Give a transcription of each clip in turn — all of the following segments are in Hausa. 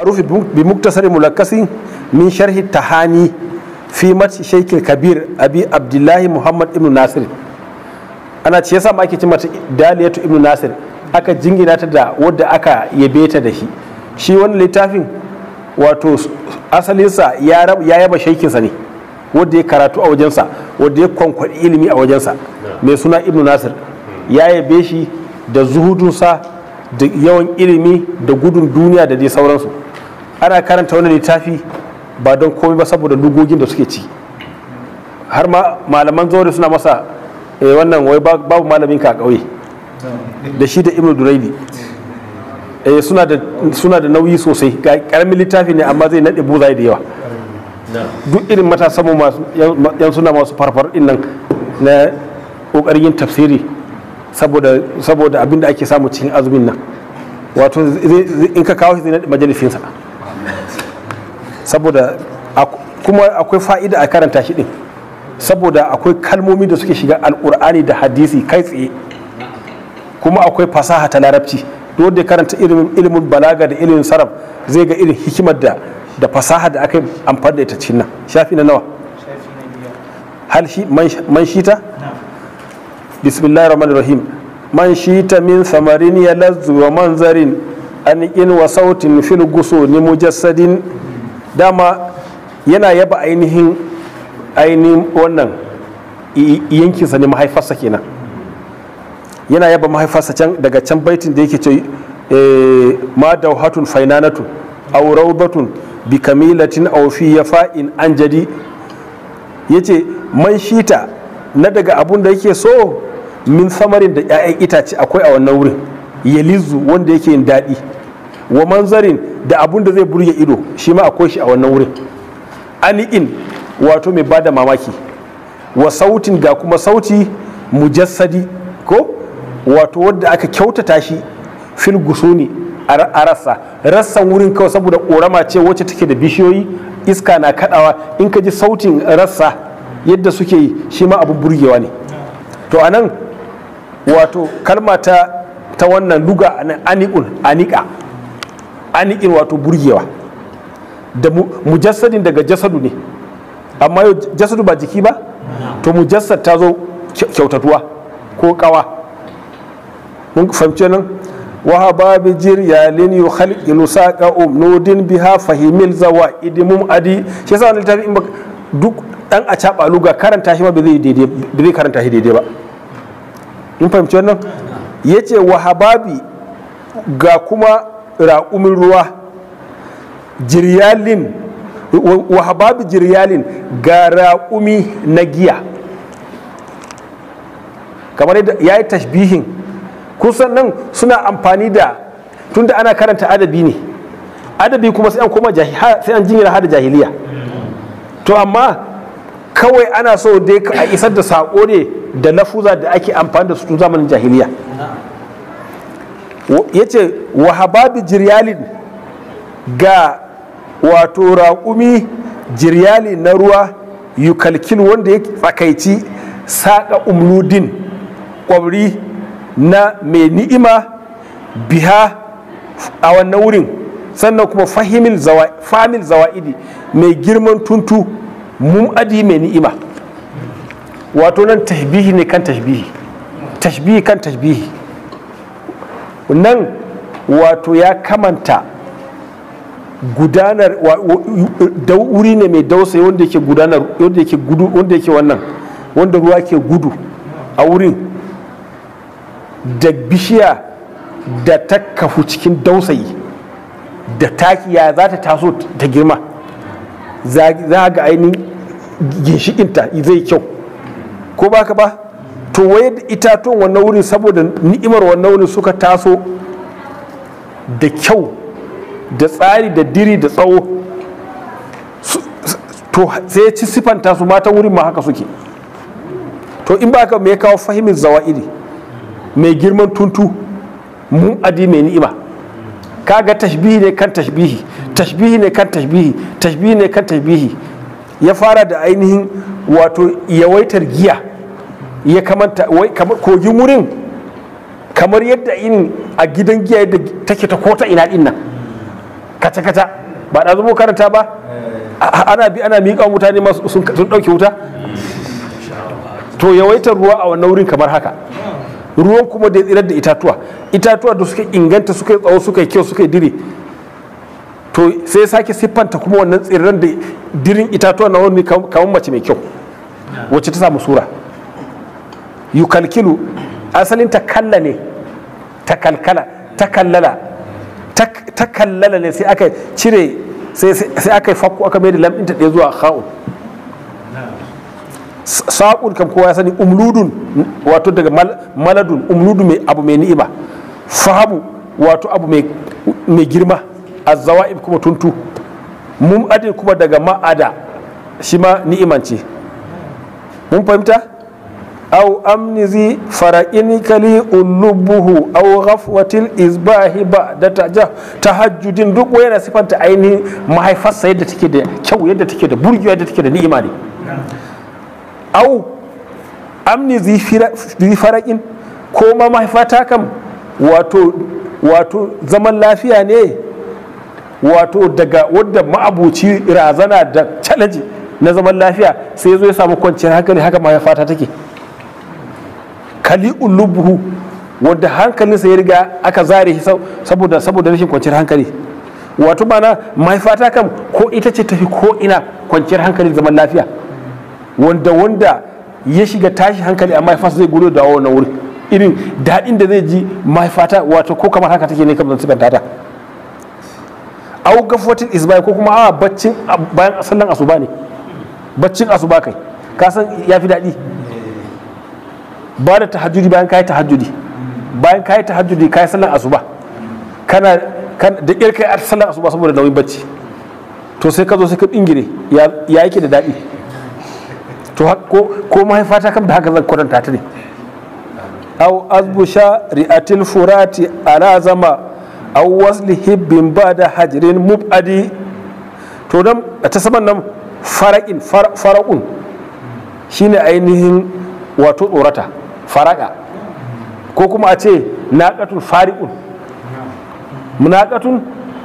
معروف بمقتصر ملخص من شرح التهاني في مت شيخ الكبير ابي عبد الله محمد ابن ناصر ana تي yasa ما كي ce mata daliyatu ibn nasir aka jingina ta da wadda aka yabe ta da shi shi wani littafin wato asalinsa ya ya yaba shaikinsa ne wadda ya karatu a wajensa wadda ya kwankwaɗi ilimi a wajensa mai suna ibnu nasir ya yabe shi da zuhudunsa da yawan ilimi da gudun duniya da dai sauransu ana karanta wani littafi ba don komai ba saboda lugogin da suke ci har ma malaman zaune suna masa eh, wannan wai babu malamin ka a da shi da ibnu eh, suna da nauyi sosai ga karamin littafi ne amma zai naɗe buzaye da yawa duk irin matasa mu yan suna masu farfar din nan na kokarin yin tafsiri saboda abin ake samu cikin azumin nan wato in ka kawo shi zai nade majalisinsa saboda kuma akwai fa'ida a karanta shi din saboda akwai kalmomi da suke shiga alkur'ani da hadisi kai tsaye kuma akwai fasaha ta larabci duk da karanta ilimin balaga da ilimin sarraf zai ga irin hikimar da da fasaha da aka amfani da ita cikin nan shafi na nawa hal shi man shita bismillahir rahmanir rahim man shita min samarin yalazzu wa manzarin an wa sautin fil ni mujassadin dama yana yaba ainihin ainihin wannan yankinsa ne mahaifarsa kenan yana yaba mahaifarsa can daga can baitin da yake ce eh, ma dauhatun fainanatu aw batun bi kamilatin aw fi yafa'in anjadi yace man shita na daga abun da yake so min samarin da 'ya'yan itace akwai a wannan wurin yalizu wanda yake yin daɗi wa manzarin da abun da zai burge ido shi ma akwai shi a wannan wurin ani'in wato mai bada mamaki wa sautin ga kuma sauti mujassadi ko wato wadda aka kyautata shi fil gusuni a rassa rassan wurin kawai saboda korama ce wacce take da bishiyoyi iska na kadawa in ka ji sautin rassa yadda suke yi shi ma abin burgewa ne to anan wato kalma ta wannan luga anan ani'un anika anikin wato burgewa da mujassadin daga jasadu ne amma yau jasadu ba jiki ba to mujassad ta zo kyautatuwa ko kawa mun fahimce nan waha babu jir ya lin yu khalqilu saqa um nudin biha fahimil zawa idimum adi shi yasa littafi in duk dan a caba luga karanta shi ma ba zai daidai ba zai karanta shi daidai ba mun fahimci wannan yace wahababi ga kuma raƙumin ruwa jiryalin wa jiryalin ga raƙumi na giya kamar yadda ya yi tashbihin kusan nan suna amfani da tunda ana karanta adabi ne adabi kuma sai an koma sai an jinyar hada jahiliya to amma kawai ana so dai a isar da saƙo ne da lafuza da ake amfani da su tun zamanin jahiliya ya ce wa jiryalin ga wato raƙumi jiryali na ruwa yukalkil wanda ya tsakaici saƙa umludin ƙwauri na mai ni'ima biha a wannan wurin sannan kuma fahimil famil zawa'idi mai girman tuntu mum'adi mai ni'ima wato nan tashbihi ne kan tashbihi tashbihi kan tashbihi nan wato ya kamanta gudanar wuri ne mai dausa wanda yake wannan ruwa ke gudu a wurin da bishiya da ta kafu cikin dausayi da takiya za ta taso ta girma za ga ainihin ginshikinta zai kyau ko ba ka ba to wai itatuwan wannan wurin saboda ni'imar wannan wurin suka taso da kyau da tsari da diri da tsawo to sai ci sifan taso mata wurin ma haka suke to in ba ka mai kawo fahimin iri mai girman tuntu mun adi mai ni'ima kaga tashbihi ne kan tashbihi tashbihi ne kan tashbihi tashbihi ne kan tashbihi ya fara da ainihin wato yawaitar giya ya kamanta wai kamar kogin wurin kamar yadda in a gidan giya yadda take ta kota ina din nan kaca kaca ba da zubo karanta ba ana bi ana miƙa mutane masu sun ɗauke wuta to yawaitar ruwa a wannan wurin kamar haka ruwan kuma da tsirar da itatuwa itatuwa da suka inganta suka tsawo suka kyau suka dire to sai sake siffanta kuma wannan tsirran da dirin itatuwa na wani kamar mace mai kyau wacce ta samu sura yukalkilu asalin takalla ne takalkala takallala takallala ne sai aka cire sai aka yi fakko aka mai da lamɗin ta ɗaya zuwa kha'un saƙun kam kowa ya sani umludun wato daga maladun umludu mai abu mai ni'iba fahabu wato abu mai girma azawa'ib kuma tuntu adin kuma daga ma'ada shi ma ni'imanci mun fahimta أو أمنزي فرإنك لي ألبه أو غفوة الإصباح بعد تهجد duk wai yana sifanta ainihin mahaifarsa yadda take da kyau yadda take da burgewa yadda take da ni'ima ne au amni zi farakin ko mahaifata kam wato zaman lafiya ne wato daga wanda ma'abuci razana da challenge na zaman lafiya sai zo ya samu kwanciyar hankali haka mahaifata take kali ulubuhu wanda hankalinsa ya riga aka zare shi saboda saboda rashin kwanciyar hankali wato mana mahaifata kam ko ita ce tafi ko ina kwanciyar hankali zaman lafiya wanda wanda ya shiga tashi hankali a mahaifarsa zai gudu dawo na wuri irin daɗin da zai ji mahaifata wato ko kamar haka take ne kamar su ta augafotin isbai ko kuma awa baccin bayan sallan asuba ne baccin asuba kai kasan san ya fi daɗi ba da tahajjudi bayan kayi tahajjudi bayan kayi tahajjudi kayi sallar asuba kana kan da kirka a sallar asuba saboda nauyin bacci to sai ka zo sai ka dingire ya yake da dadi to ko ko mahaifa ta kam da haka zan kwatanta ta ne aw azbusha ri'atil furati ala zama aw wasli hibbin bada hajrin mubadi to dan ta saman nan fara'in fara'un shine ainihin wato tsorata faraka ko kuma a ce naƙatun fari'un munaƙatun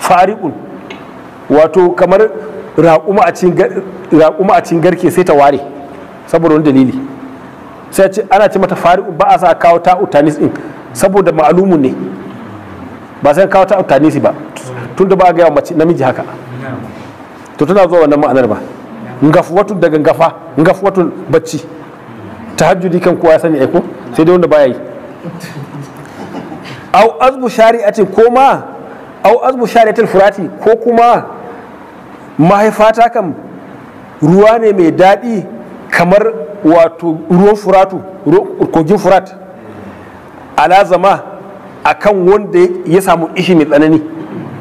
fari'un wato kamar raƙuma a cikin garke sai ta ware saboda wani dalili sai ce ana ce mata fari'un ba a sa kawo ta utanis ɗin saboda ma'alumun ne ba sai kawo ta utanis ba tun da ba a gaya mace namiji haka to tana zuwa wannan ma'anar ba ngafuwatun daga ngafa ngafuwatun bacci ta tahajjudi kan kowa sani aiko eh sai dai wanda baya yi au azbu shari'atin ko ma au azbu ta furati ko kuma mahaifata kan ruwa ne mai daɗi kamar wato ruwan furatu kogin furat ala zama kan wanda ya samu ishi mai tsanani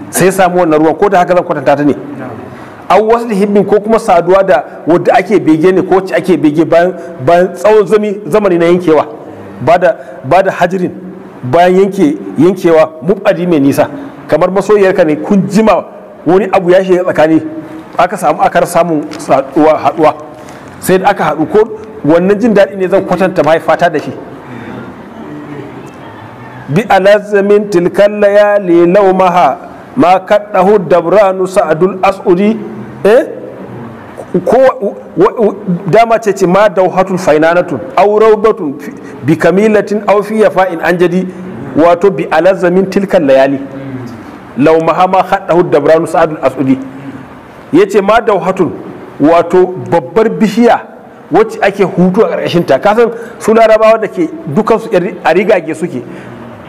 sai samu wannan ruwan ko da haka zan kwatanta ta ne an wasu da hibbin ko kuma saduwa da wadda ake bege ne ko wacce ake bege bayan tsawon zamani na yankewa ba da hajirin bayan yankewa mubadi mai nisa kamar ka ne kun jima wani abu ya shiga tsakani aka samu akar samun haduwa sai da aka haɗu ko wannan jin daɗi ne zan kwatanta mahaifata da shi bi alazamin tilkan layali maha ma dabra dabranu sa'adul as'udi eh ko dama ce ce ma dauhatul fainanatun aw rawbatun bi kamilatin aw fi an jadi wato bi alazamin tilkan layali law mahama khadahu dabranu sa'adul asudi yace ma dauhatun wato babbar bishiya wacce ake hutu a ƙarƙashin ta kasan suna larabawa da ke dukansu a rigage suke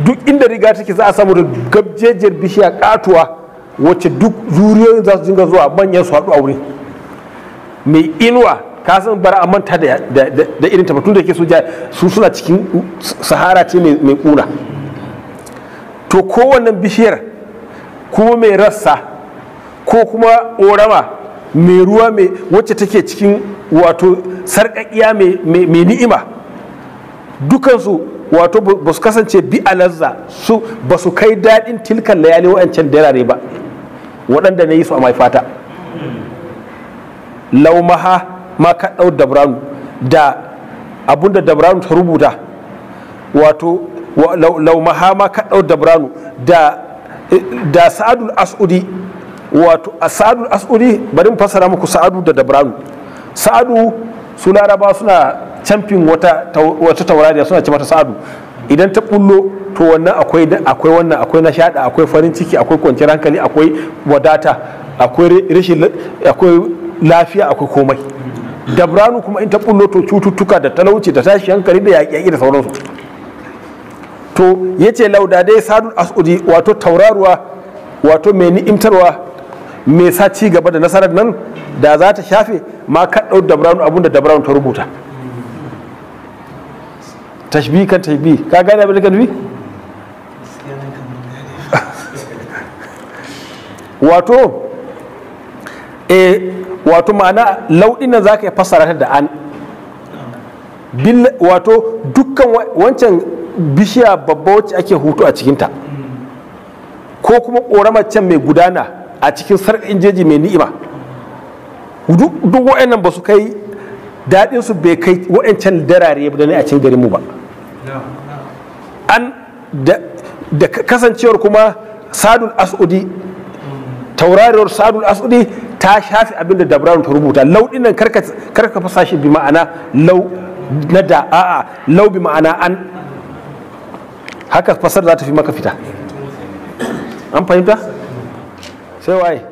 duk inda riga take za a samu da gabjejiyar bishiya katuwa wacce duk zuriyoyin za su dinga zuwa manyan su haɗu a wurin mai inuwa ka san bara a manta da irin tabbatun da ke so su suna cikin sahara ce mai kuna to kowannan bishiyar ko mai rassa ko kuma orama mai ruwa mai wacce take cikin wato sarƙaƙiya mai ni'ima dukansu wato ba su kasance bi alazza su ba su kai daɗin tilkan layali wa'ancan darare ba waɗanda na yi su a mai fata laumaha ma ka ɗau dabranu da abinda dabranu ta rubuta wato laumaha ma ka ɗau dabranu da da sa'adul as'udi wato a sa'adul as'udi bari mu fassara muku sa'adu da dabranu sa'adu su laraba suna camfin wata taurariya suna ce mata sa'adu idan ta bullo to wannan akwai akwai wannan akwai nishaɗi akwai farin ciki akwai kwanciyar hankali akwai wadata akwai rashin akwai lafiya akwai komai dabranu kuma in ta bullo to cututtuka da talauci da tashi hankali da yaƙi da sauransu to yace lauda dai sadun asudi wato tauraruwa wato mai ni'imtarwa mai sa ci gaba da nasarar nan da za ta shafe ma ka ɗau dabranu abun da dabranu ta rubuta tashbi kan tashbi ka gane abin da ka nufi wato e wato ma'ana lauɗin za ka yi fassara ta da an wato dukkan wancan bishiya babba wacce ake hutu a cikinta ko kuma ƙoramar can mai gudana a cikin sarƙin jeji mai ni'ima duk wa'annan ba su kai daɗinsu bai kai wa'ancan darare da ne a cikin garinmu ba an da kasancewar kuma sadul as'udi taurariyar sadul asudi ta shafi abinda dabrarun ta rubuta lau dinnan karka fasa shi bi ma'ana lau na da a'a lau bi ma'ana an haka fasar za ta fi maka fita an fahimta sai waye